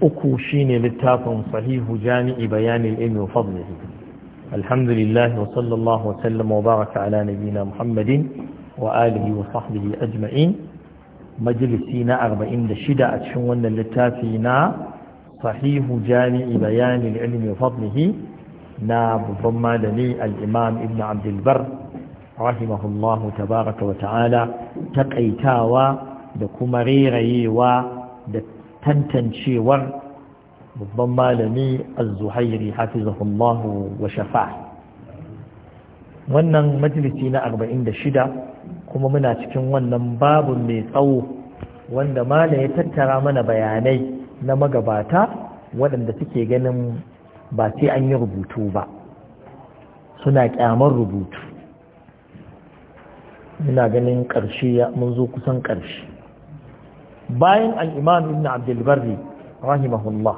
uku shine littafin sahihu jami'i bayanin ilmi wa fadlihi alhamdulillah wa sallallahu wa sallam wa baraka ala nabiyina muhammadin wa alihi wa sahbihi ajma'in majalisi na 46 a cikin wannan littafi na sahihu jami'i bayanin ilmi wa fadlihi na babban malami al-imam ibn abdulbar bar rahimahullahu tabaraka wa ta'ala da kuma rerayewa da tantancewar babban malami al zuhairi hafizahullahu wa shafa wannan majalisi na 46 kuma muna cikin wannan babu mai tsawo wanda malam ya tattara mana bayanai na magabata waɗanda suke ganin ba sai an yi rubutu ba suna ƙyamar rubutu ina ganin ƙarshe mun zo kusan ƙarshe bayan al'imam ibn abdulbari rahimahullah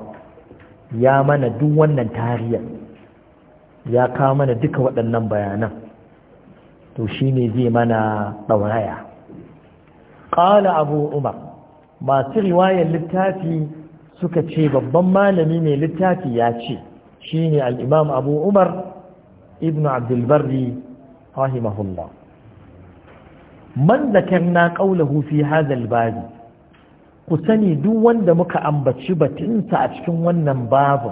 ya mana duk wannan tarihi ya kawo mana duka waɗannan bayanan to shi ne zai mana ɗauraya ƙala abu umar masu riwayar littafi suka ce babban malami ne littafi ya ce shi ne al'imam abu umar ibn abdulbari rahimahullah man zakarna ƙaunahu fi hazal babi ku sani duk wanda muka ambaci batunsa a cikin wannan babu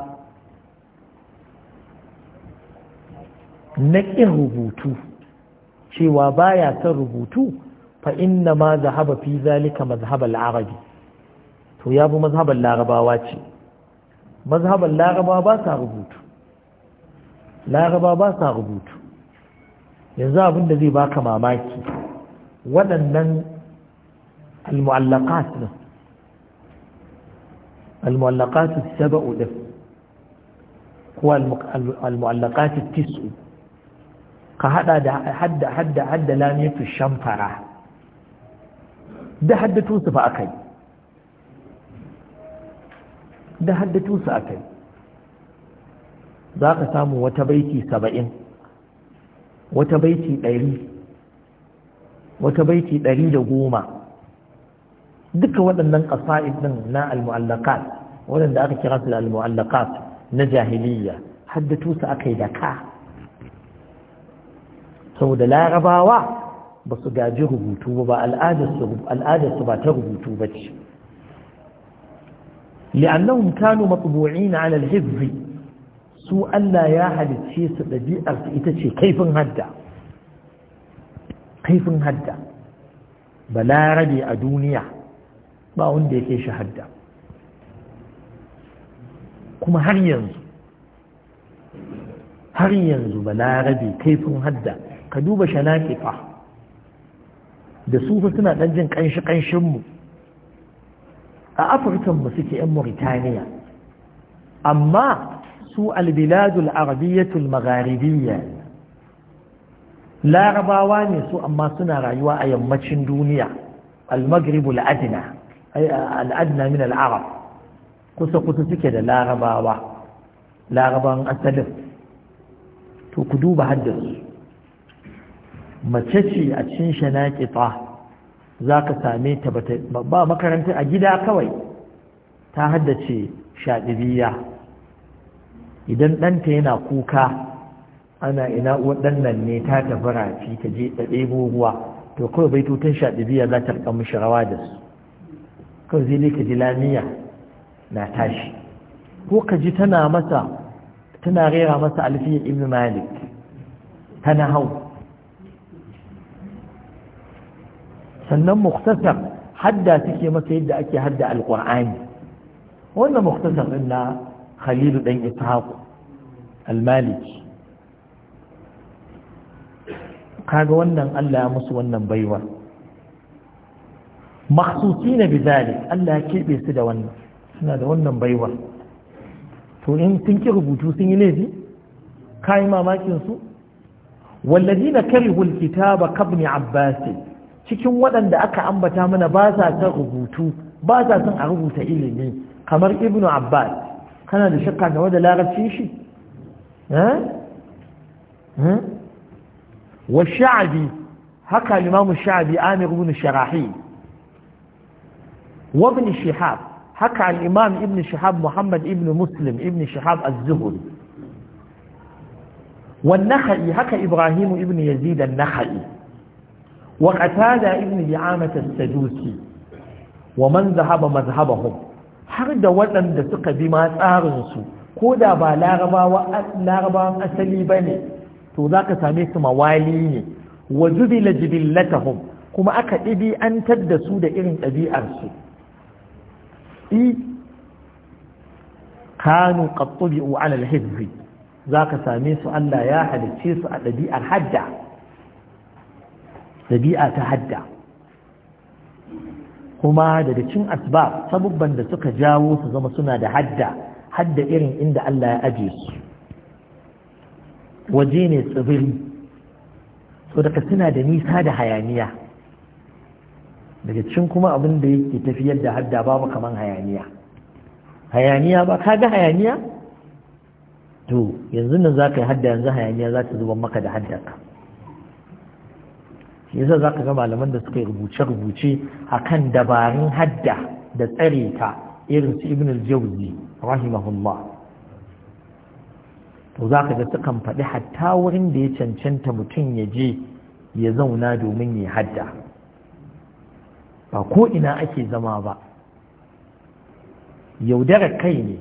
na ƙin rubutu cewa baya son rubutu fa inna ma zahaba fi zalika mazhabal arabi to ya bi mazhabar larabawa ce mazhabar laraba ba sa rubutu laraba ba sa rubutu yanzu abin da zai baka mamaki waɗannan al-mu'allaqat المعلقات السبع ده هو المعلقات التسع كهذا حد حد حد لام يف الشمفرة ده حد توصف أكي ده حد توصف أكي ذاك سامو وتبيتي سبعين وتبيتي ɗari wata baiti ɗari da goma duka waɗannan ƙasa'id ɗin na al-mu'allaqat waɗanda aka kira su al-mu'allaqat na jahiliya haddatu su akai da ka saboda larabawa ba su gaji rubutu ba al'adarsu ba ta rubutu ba ce li'annahum kanu matbu'ina 'ala al-hifz su Allah ya halicce su ɗabi'ar su ita ce kaifin hadda kaifin hadda balarabe a duniya ba wanda yake shi hadda kuma har yanzu har yanzu balarabe kaifin hadda ka duba shanakifa da sufa suna ɗan jin ƙanshi-ƙanshinmu a mu suke 'yan mauritaniya amma su albiladul arabiyyatul magharibiyya larabawa ne su amma suna rayuwa a yammacin duniya al-maghribul adna ay al min al-arab kusa kusa suke da larabawa laraban asalin to ku duba haddarsu mace ce a cikin ƙifa, za ka same ta ba makaranta a gida kawai ta haddace shaɗibiya idan ɗanta yana kuka ana ina waɗannan ne ta tafi rafi ta je ta ɗebo ruwa to kawai baitutun shaɗibiya za ta rika mishi rawa da su kawai zai ka ji lamiya na tashi ko ka ji tana masa tana rera masa alfiyar ibn malik tana hau sannan muktasar hadda suke masa yadda ake hadda alkur'ani wannan muktasar ɗin na khalilu ɗan ishaq almaliki kaga wannan allah ya musu wannan baiwa maksusi na bizalik allah ya keɓe su da wannan suna da wannan baiwa to in sun ki rubutu sun yi laifi kayi mamakin su wallazina karihul kitaba kabni abbas cikin waɗanda aka ambata mana ba sa son rubutu ba sa son a rubuta ilimi kamar ibnu abbas kana da shakka game da larabci shi eh? Eh? wa sha'abi haka limamu sha'abi amir ibn sharahi wa ibn shihab حكى عن الإمام ابن muhammad محمد ابن مسلم ابن az الزهري والنخعي هكا إبراهيم ابن يزيد النخعي وقتادة ابن دعامة السدوسي ومن ذهب مذهبهم حرد ولن دسق بما تارنسو كودا با لاربا لاربا أسلي بني تو ذاك ساميس مواليني وجبل جبلتهم كما أكا إبي أن تدسو إرن أبي أرسو watsi kanu qattubi'u ala al zaka same su Allah ya halicce su a ɗabi'ar hadda dabi'a ta hadda kuma daga cin asbab sabubban da suka jawo su zama suna da hadda hadda irin inda Allah ya aje su waje ne tsibiri so daga suna da nisa da hayaniya daga cikin kuma abin da yake tafiyar da hadda babu kaman hayaniya hayaniya ba ka ga hayaniya to yanzu nan za ka yi hadda yanzu hayaniya za ta zuba maka da haddarka ka yasa za ka ga malaman da suka yi rubuce-rubuce a kan dabarun hadda da tsare ta irin su ibn al-jawzi rahimahullah to za ka ga sukan faɗi hatta wurin da ya cancanta mutum ya je ya zauna domin ya hadda ba ko ina ake zama ba yaudarar kai ne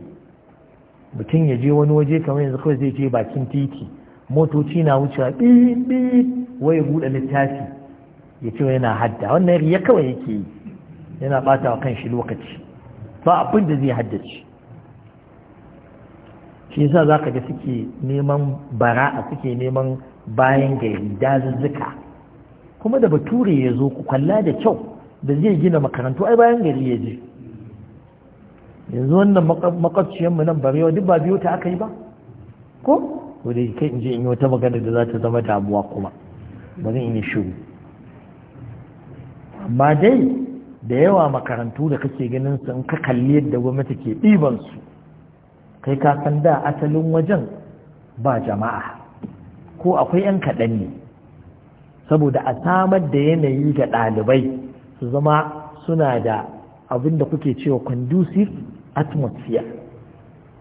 mutum ya je wani waje kamar yanzu kawai zai je bakin titi motoci na wucewa ɓin wai ya buɗe littafi ya ce yana hadda wannan ya kawai yake yi yana ɓata wa kan shi lokaci ba abin da zai haddace shi yasa za ka ga suke neman bara a suke neman bayan gari dazuzzuka kuma da bature ya zo ku kalla da kyau da zai gina makarantu ai bayan gari ya je yanzu wannan makwabciyarmu nan barewa duk ba biyu ta aka yi ba ko ko kai in je in yi wata magana da za ta zama damuwa kuma ba zan yi shiru amma dai da yawa makarantu da kake ganin su in ka kalli yadda gwamnati ke ɗiban su kai ka san da asalin wajen ba jama'a ko akwai 'yan kaɗan ne saboda a samar da yanayi ga ɗalibai su zama suna da abin da kuke cewa conducive atmosphere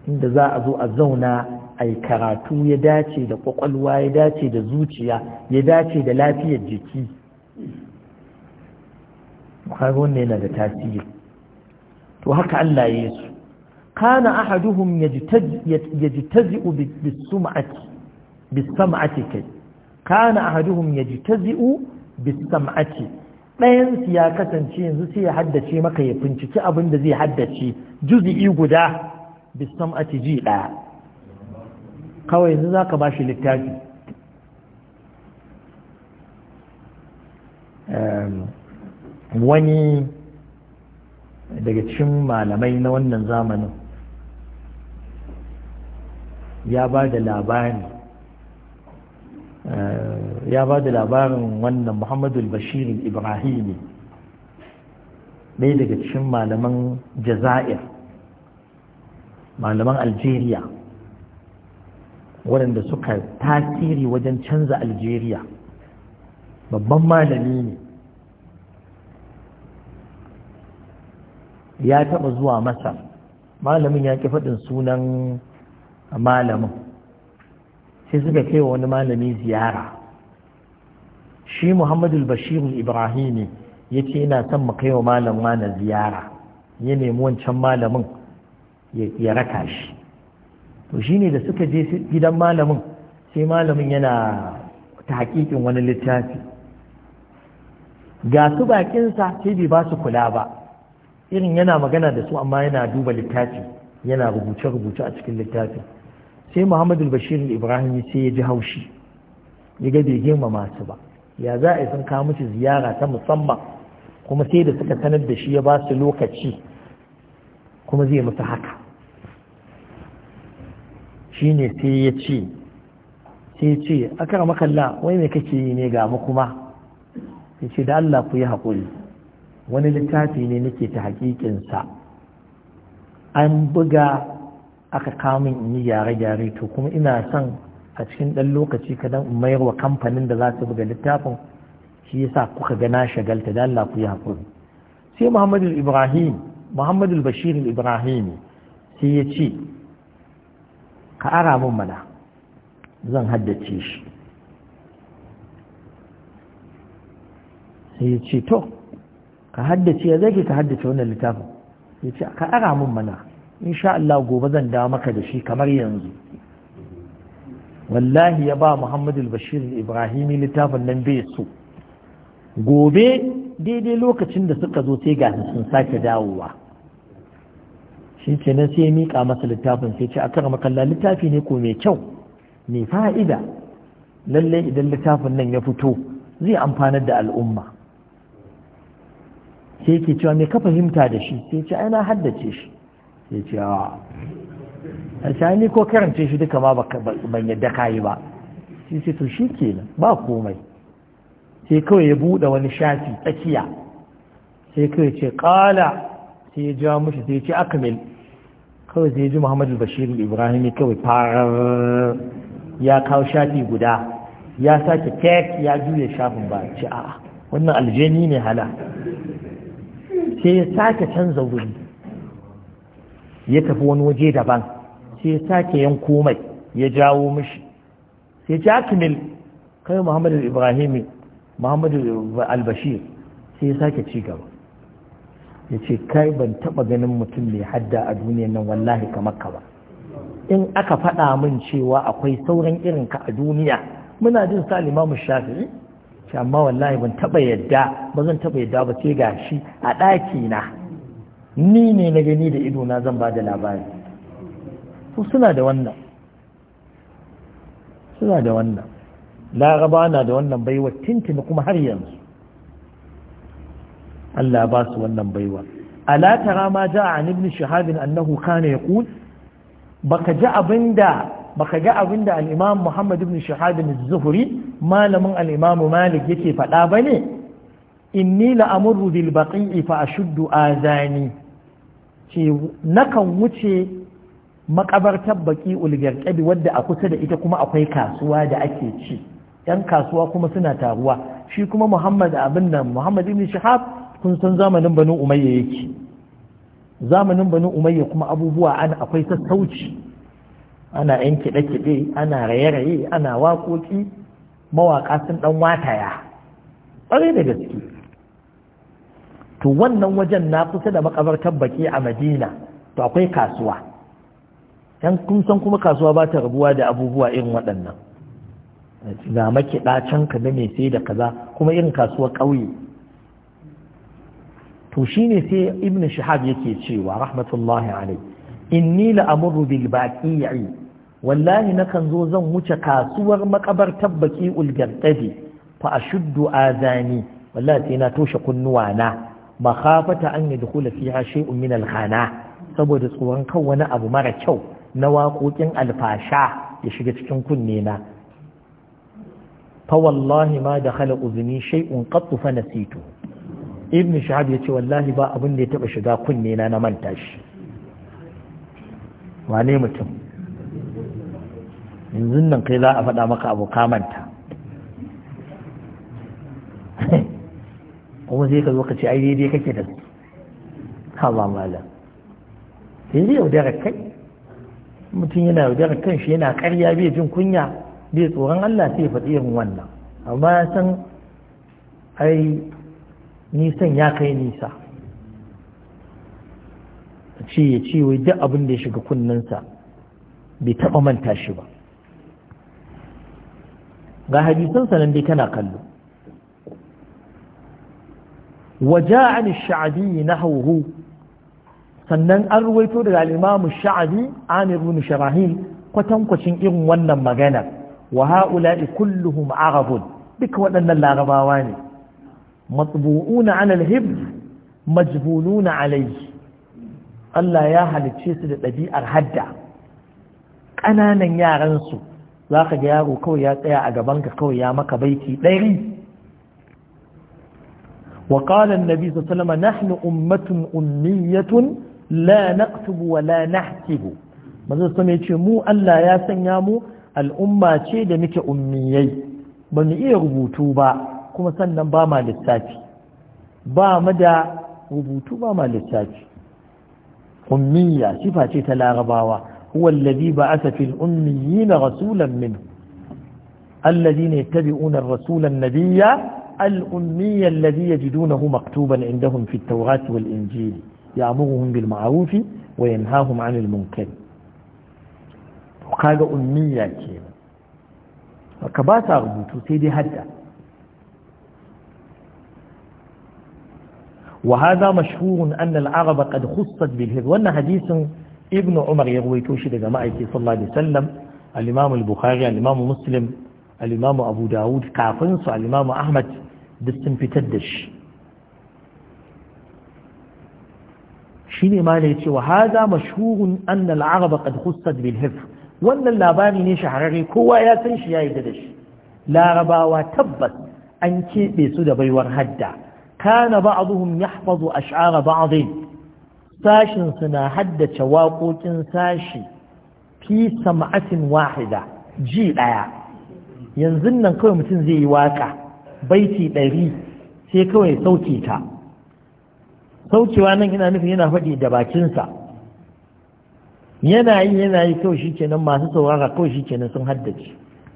inda za a zo a zauna a yi karatu ya dace da kwakwalwa ya dace da zuciya ya dace da lafiyar jiki wannan yana da tasiri to haka Allah ya yi su kana ahaduhum yajtazi'u bis-sum'ati bis-sam'ati kai kana ahaduhum yajtazi'u bis-sam'ati ɗayan su ya kasance yanzu sai ya haddace maka ya binciki abin da zai haddace juzi'i guda bisam a ji ɗaya kawai yanzu za ka ba shi littafi ehm, wani daga cikin malamai na wannan zamanin ya ba da labari Eh, ya ba da labarin wannan muhammadu bashir ibrahimi ɗaya daga cikin malaman jazair malaman algeria waɗanda suka tasiri wajen canza algeria babban malami ne ya taɓa zuwa masar malamin ya ƙi faɗin sunan malamin sai suka kai wani malami ziyara shi muhammadu Ibrahim ne ya ce yana son mu kai wa malam mana ziyara ya nemi wancan malamin ya raka shi to shi ne da suka je gidan malamin sai malamin yana ta hakikin wani littafi ga su bakinsa sai bai ba su kula ba irin yana magana da su amma yana duba littafi yana rubuce-rubuce a cikin littafin sai muhammadu bashir ibrahim sai ya ji haushi ya ga bai girmama su ba ya za a sun kawo musu ziyara ta musamman kuma sai da suka sanar da shi ya ba su lokaci kuma zai musu haka shi ne sai ya ce sai ya ce akara makalla wai mai kake yi ne ga kuma ya ce da Allah ku yi haƙuri wani littafi ne nake ta haƙiƙinsa an buga aka kawo in yi gyare-gyare to kuma ina son a cikin ɗan lokaci kadan in mayar wa kamfanin da za su buga littafin shi yasa kuka gana shagalta da Allah ku yi haƙuri. sai Muhammadu Ibrahim Muhammadu Bashir Ibrahim sai ya ce ka ara min mana zan haddace shi sai ya ce to ka haddace ya zai ka haddace wannan littafin ya ce ka ara min mana In Allah gobe zan dawo maka da shi kamar yanzu wallahi ya ba Muhammadu Bashir Ibrahimi littafin nan bai so gobe daidai lokacin da suka zo sai ga sun sake dawowa shi ce na sai miƙa masa littafin sai ce a kan makalla littafi ne ko mai kyau mai fa'ida lalle idan littafin nan ya fito zai amfanar da al'umma sai ke cewa mai ka fahimta da shi sai ce ai na haddace shi ya ce a sani ko karance shi duka ma ban yadda kayi ba sai to shi kenan ba komai sai kawai ya buɗe wani shafi tsakiya sai kawai ce ƙala sai ya jawo mushi sai ya ce akamil kawai sai ya ji muhammadu bashir ibrahim kawai farar ya kawo shafi guda ya sake tek ya juya shafin ba ce a wannan aljeni ne hala sai ya sake canza wuri ya tafi wani waje daban sai ya sake yan komai ya jawo mishi sai ce akmil kai muhammadu ibrahim muhammadu albashir sai ya sake ci gaba ya ce kai ban taba ganin mutum mai hadda a duniyan nan wallahi kamar ka ba in aka faɗa min cewa akwai sauran irin ka a duniya muna jin sa limamu shafi'i amma wallahi ban taba yadda ba zan taba yadda ba sai gashi a ɗaki na ni ne na gani da ido na zan ba da labari to suna da wannan suna da wannan laraba na da wannan baiwa tintin kuma har yanzu Allah ba su wannan baiwa ala tara ma ja'a an ibn shihab annahu kana yaqul baka ji abinda baka ga abinda al-imam Muhammad ibn shihab az-zuhri malamin al-imam Malik yake faɗa bane inni la amuru bil baqi'i fa ashuddu azani ce nakan wuce makabartar baki ulgarkabi wadda a kusa da ita kuma akwai kasuwa da ake ci yan kasuwa kuma suna taruwa shi kuma muhammad abin nan muhammad ibn shahab kun san zamanin banu umayya yake zamanin banu umayya kuma abubuwa ana akwai sassauci ana yan kiɗe-kiɗe ana raye-raye ana waƙoƙi mawaƙa sun ɗan wataya ƙwarai da gaske to wannan wajen na kusa da makabartar baki a madina to akwai kasuwa yan kusan kuma kasuwa ba ta rabuwa da abubuwa irin waɗannan ga makiɗa can ka mai sai da kaza kuma irin kasuwa ƙauye to shine sai ibn shahab yake cewa rahmatullahi alai inni la'amuru bil baqi'i wallahi nakan zo zan wuce kasuwar makabartar baki ulgardadi fa ashuddu azani wallahi sai na toshe kunnuwa na makhafata an yadkhula fiha shay'un min al-khana saboda tsoron kan wani abu mara kyau na waƙoƙin alfasha ya shiga cikin kunne na fa wallahi ma dakhala uzni shay'un qattu fa nasitu ibn shahab ce wallahi ba abin da ya taba shiga kunne na na manta shi wane mutum yanzu nan kai za a faɗa maka abu ka manta kuma sai ka zo ka ce ai dai kake da su Allah malam sai zai yaudarar kai mutum yana yaudarar kan shi yana karya bai jin kunya bai tsoron Allah sai faɗi irin wannan amma ya san ai nisan ya kai nisa ce ya ce wai duk abin da ya shiga kunnensa bai taɓa manta shi ba ga hadisan sanan dai kana kallo وجاء عن الشعبي hauhu sannan an ruwaito daga al'imamu sha'abi amir bin sharahin kwatankwacin irin wannan maganar wa ha'ula'i kulluhum arabun duka waɗannan larabawa ne na analhib alhib majbununa alayhi Allah ya halicce su da ɗabi'ar hadda ƙananan yaransu za ka ga yaro kawai ya tsaya a gabanka kawai ya maka baiti ɗari وقال النبي صلى ummatun عليه وسلم نحن أمة أمية لا نكتب ولا نحسب manzo sun ya ce mu Allah ya sanya mu al'umma ce da muke ummiyai ba mu iya rubutu ba kuma sannan ba ma lissafi ba mu da rubutu ba ma lissafi ummiya sifa ce ta larabawa huwa alladhi ba'atha fil ummiyina rasulan min ne yattabi'una ar-rasula an-nabiyya الأمي الذي يجدونه مكتوبا عندهم في التوراة والإنجيل يأمرهم بالمعروف وينهاهم عن المنكر وقال أمي ke ka ba ta هدى وهذا مشهور أن العرب قد خصت بالهد وأن حديث ابن عمر يروي توشي لجماعة صلى الله عليه وسلم الإمام البخاري الإمام مسلم الإمام أبو داود كافنس الإمام أحمد دستن في تدش شيني ماليتي وهذا مشهور أن العرب قد خصت بالهفر وأن اللاباني نيش حرقي كوا يا سنش يا يددش لا ربا وتبت أنكي بيسود بيور هدى كان بعضهم يحفظ أشعار بعض ساشن سنا هدى شواقوك ساشي في سمعة واحدة جي لا ينزلنا كل متنزي واكه baiti ɗari sai kawai sauke ta saukewa nan yana nufi yana faɗi da bakinsa yana yi yana yi kawai shikenan masu saurara kawai shikenan sun haddace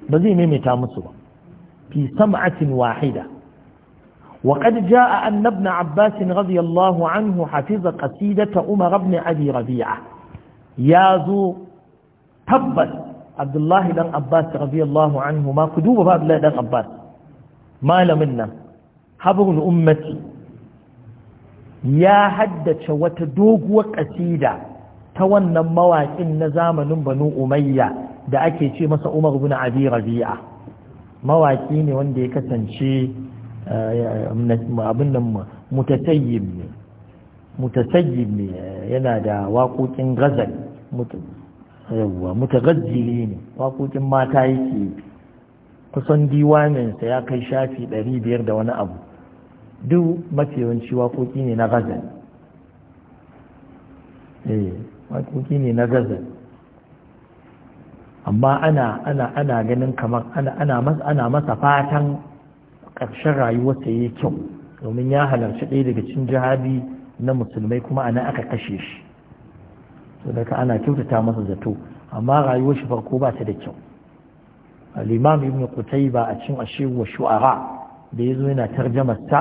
ba zai maimaita musu ba fi sam'atin wahida wa qad jaa annab ibn abbas radiyallahu anhu hafiza qasidata umar ibn abi rabi'a ya zo tabbas abdullahi dan abbas radiyallahu anhu ma ku duba ba abdullahi dan abbas malamin nan habrul ummati ya haddace wata doguwar ƙasida ta wannan mawaƙin na zamanin banu umayya da ake ce masa umar bin abi rabi'a mawaƙi ne wanda ya kasance eh, abin nan mutasayyib ne mutasayyib ne yana da waƙoƙin gazal mutagazzili ne waƙoƙin mata yake kusan diwaninsa ya kai shafi ɗari biyar da wani abu duk mafiyawanci waƙoƙi ne na eh, waƙoƙi ne na gazal amma ana ana ana ganin kamar ana ana masa fatan ƙarshen rayuwarsa yayi kyau domin ya halarci ɗaya daga cikin jihadi na musulmai kuma ana aka kashe shi saboda ana kyautata masa zato amma rayuwar shi farko ba ta da kyau al'imam ibn kutaiba a cin ashe wa shu'ara da ya zo yana tarjamarsa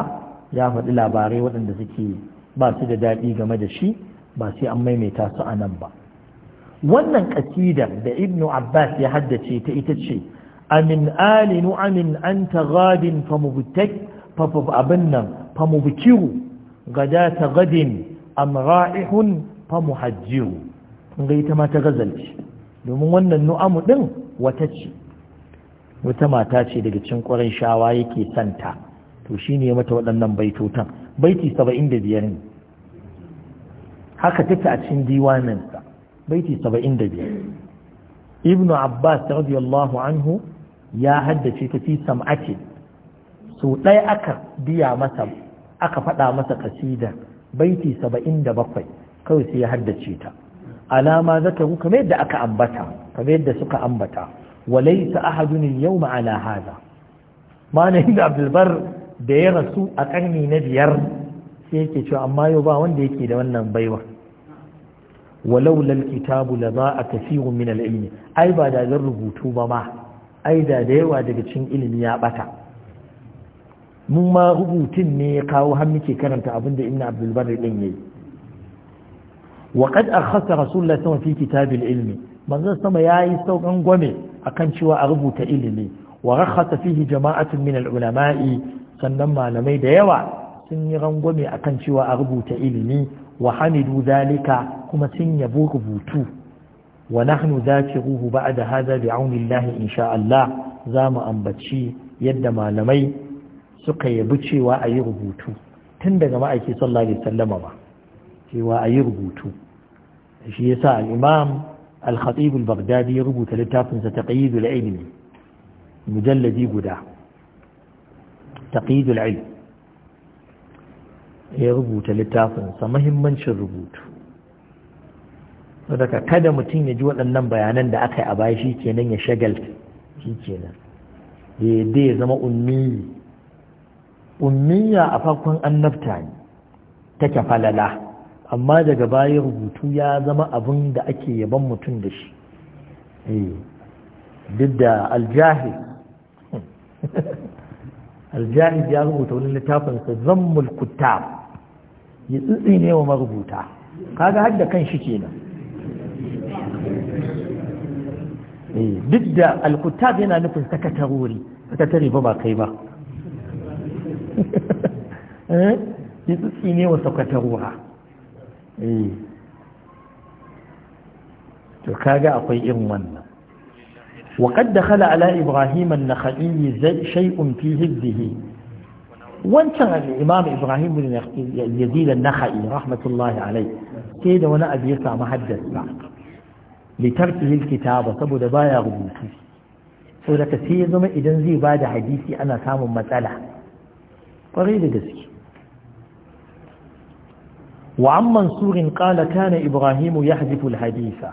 ya faɗi labarai waɗanda suke ba su da daɗi game da shi ba sai an maimaita su a nan ba wannan ƙasidar da ibn abbas ya haddace ta ita ce amin ali nu'amin anta gadin famubtek abin nan famubukiru gada ta gadin amra'ihun famuhajjiru kun ga ita ma ta gazalci domin wannan nu'amu ɗin wata ce wata mata ce daga cikin ƙwarin shawa yake santa to shi ne mata waɗannan baitotan baiti saba'in da biyar ne haka take a cikin diwaninsa baiti saba'in da biyar ibnu abbas radiyallahu anhu ya haddace ta fi sam'ati so ɗaya aka biya masa aka faɗa masa kasida baiti saba'in da bakwai kawai sai ya haddace ta alama zaka kamar yadda aka ambata kamar yadda suka ambata walaysa ahadun yau ala hada malamin Abdul Bar da ya rasu a karni na biyar sai yake cewa amma yau ba wanda yake da wannan baiwa walau lal kitabu la za a kasiru min ilmi ai ba da zan rubutu ba ma ai da da yawa daga cikin ilimi ya bata mun ma rubutun ne ya kawo har muke karanta abinda ibn abdul bar din yayi wa qad akhasa rasulullah sallallahu alaihi wasallam fi kitabil ilmi manzon sama yayi saukan gwame akan cewa a rubuta ilimi wa rakhasa fihi jama'atun min al-ulama'i sannan malamai da yawa sun yi rangwame akan cewa a rubuta ilimi wa hamidu zalika kuma sun yabo rubutu wa nahnu zakiruhu ba'da hadha bi'aunillahi insha Allah za mu ambaci yadda malamai suka yabi cewa a yi rubutu tun daga ma'aiki sallallahu alaihi wasallama ba cewa a yi rubutu shi yasa al-imam al-khatib ya rubuta littafin sa taqyid al-ilm mujalladi guda taqyid al-ilm ya rubuta littafin muhimmancin rubutu saboda kada mutum ya ji waɗannan bayanan da aka yi a baya shi kenan ya shagalta shi da ya zama ummiya a farkon annabta take falala amma daga baya rubutu ya zama abin da ake yaban mutum da shi eh, duk da aljahid ya rubuta wani littafinsa zammul kuttab ya tsitsi ne wa marubuta kaga har da kan shi kenan eh, duk da alkuttab yana nufin sakatarori sakatare ba ba kai ba eh, ya tsitsi ne wa sakatarora Eh. to kaga akwai irin wannan وقد دخل على إبراهيم النخعي شيء في هده وانت الإمام إبراهيم بن يزيد النخعي رحمة الله عليه كيدا وانا يسع محدث بعد لتركه الكتابة سبو دبايا غبوتي سورة كثير زم اذا زي بعد حديثي أنا سام مسألة قريب دسكي وعن منصور قال كان إبراهيم يحذف الحديث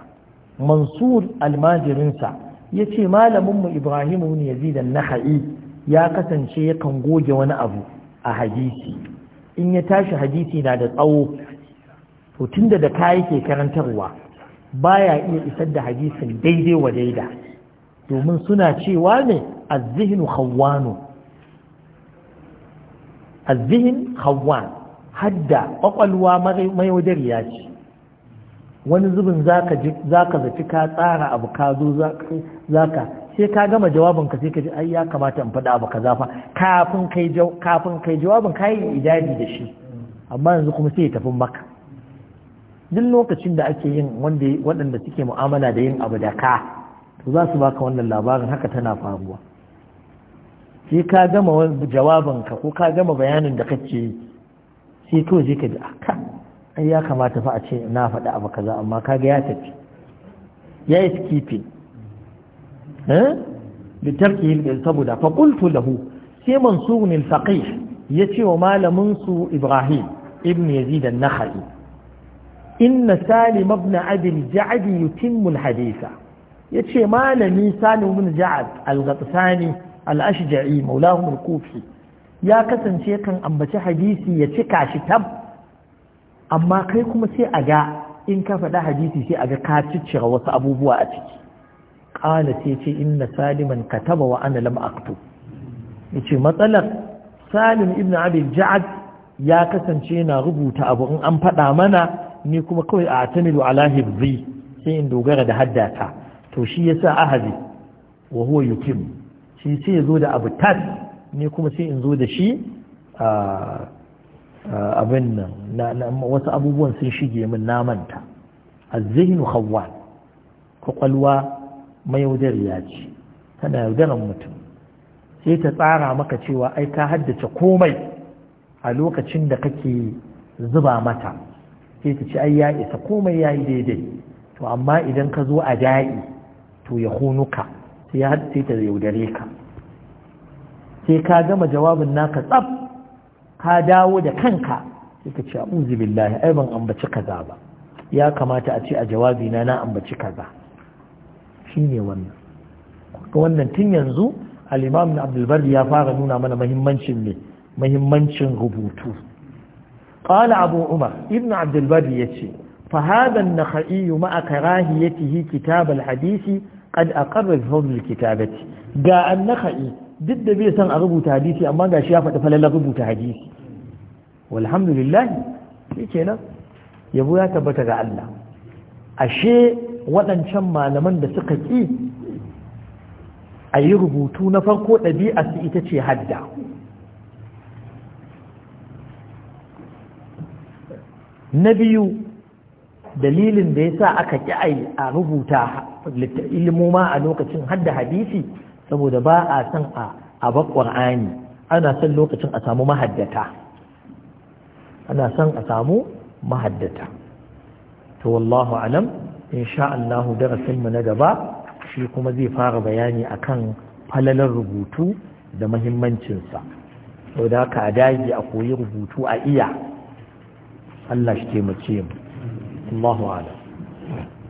منصور الماجرنسا يتي ما لمم إبراهيم بن يزيد النحعي يا قسن شيء قنقوج ونأبو أحديثي إن يتاش حديثي نادت أو وتند دكايك كان تروى بايا إيه إسد حديث ديدي وديدا domin suna cewa ne azzihin khawwanu azzihin khawwan hadda kwakwalwa mayaudariya ce wani zubin za ka zaci ka tsara abu ka zo za ka sai ka gama jawabinka sai ka ji ai ya kamata in faɗa abu ka fa kafin kai jawabin ka yi idadi da shi amma yanzu kuma sai ya tafi maka duk lokacin da ake yin waɗanda suke mu'amala da yin abu da ka to za su baka wannan labarin haka tana faruwa sai ka gama jawabinka ko ka gama bayanin da kake yi sai kawai zai ka ji aka ah, ya kamata fa a ce na faɗi abu kaza amma kaga ya tafi ya yi skipping eh bi tarkihi saboda fa lahu sai mansur min faqih ya ce wa malamin su ibrahim ibn yazid na nakhai inna salim ibn abi al-ja'd yutimmu al-haditha yace malami salim ibn ja'd al-ghatfani al-ashja'i mawlahum al-kufi ya kasance kan ambaci hadisi ya cika shi tab amma kai kuma sai a ga in ka faɗa hadisi sai a ga ka ciccira wasu abubuwa a ciki ƙala sai ce in na saliman kataba wa ana lam ya ce matsalar salim ibn abi ja'ad ya kasance na rubuta abu in an faɗa mana ni kuma kawai a atamilu ala hibzi sai in dogara da haddata to shi yasa ahazi wa huwa yukim shi sai ya zo da abu tas ni kuma sai in zo da shi a abin nan wasu abubuwan sun shige min namanta azzihinu ƙwaƙwalwa kwakwalwa ya ce tana yaudaran mutum sai ta tsara maka cewa ai ka haddace komai a lokacin da kake zuba mata sai ta ce ai ya isa komai ya yi daidai to amma idan ka zo a da'i to ya hunuka sai ta yaudare ka sai ka gama jawabin naka tsaf ka dawo da kanka sai ka ce a'udhu billahi ai ban ambaci kaza ba ya kamata a ce a jawabi na na ambaci kaza shine wannan ga wannan tun yanzu al-imam Abdul Barri ya fara nuna mana muhimmancin ne muhimmancin rubutu قال أبو عمر ابن عبد البر يتشي فهذا النخعي مع كراهيته كتاب الحديث قد أقر بفضل الكتابة جاء النخعي duk da bai son a rubuta hadisi amma ga shi ya faɗi falalar rubuta hadisi walhamdulillah shi kenan yabo ya tabbata ga Allah ashe waɗancan malaman da suka ƙi a yi rubutu na farko ɗabi'a su ita ce hadda na biyu dalilin da ya sa aka ƙi a rubuta ilimoma a lokacin hadda hadisi saboda ba a san a abar ƙwar'ani ana son lokacin a samu mahaddata ana son a samu mahaddata to wallahu alam sha Allah darasin mu na gaba shi kuma zai fara bayani akan falalar rubutu da mahimmancinsa saboda da ka daji a koyi rubutu a iya Allah shi taimake mu wallahu alam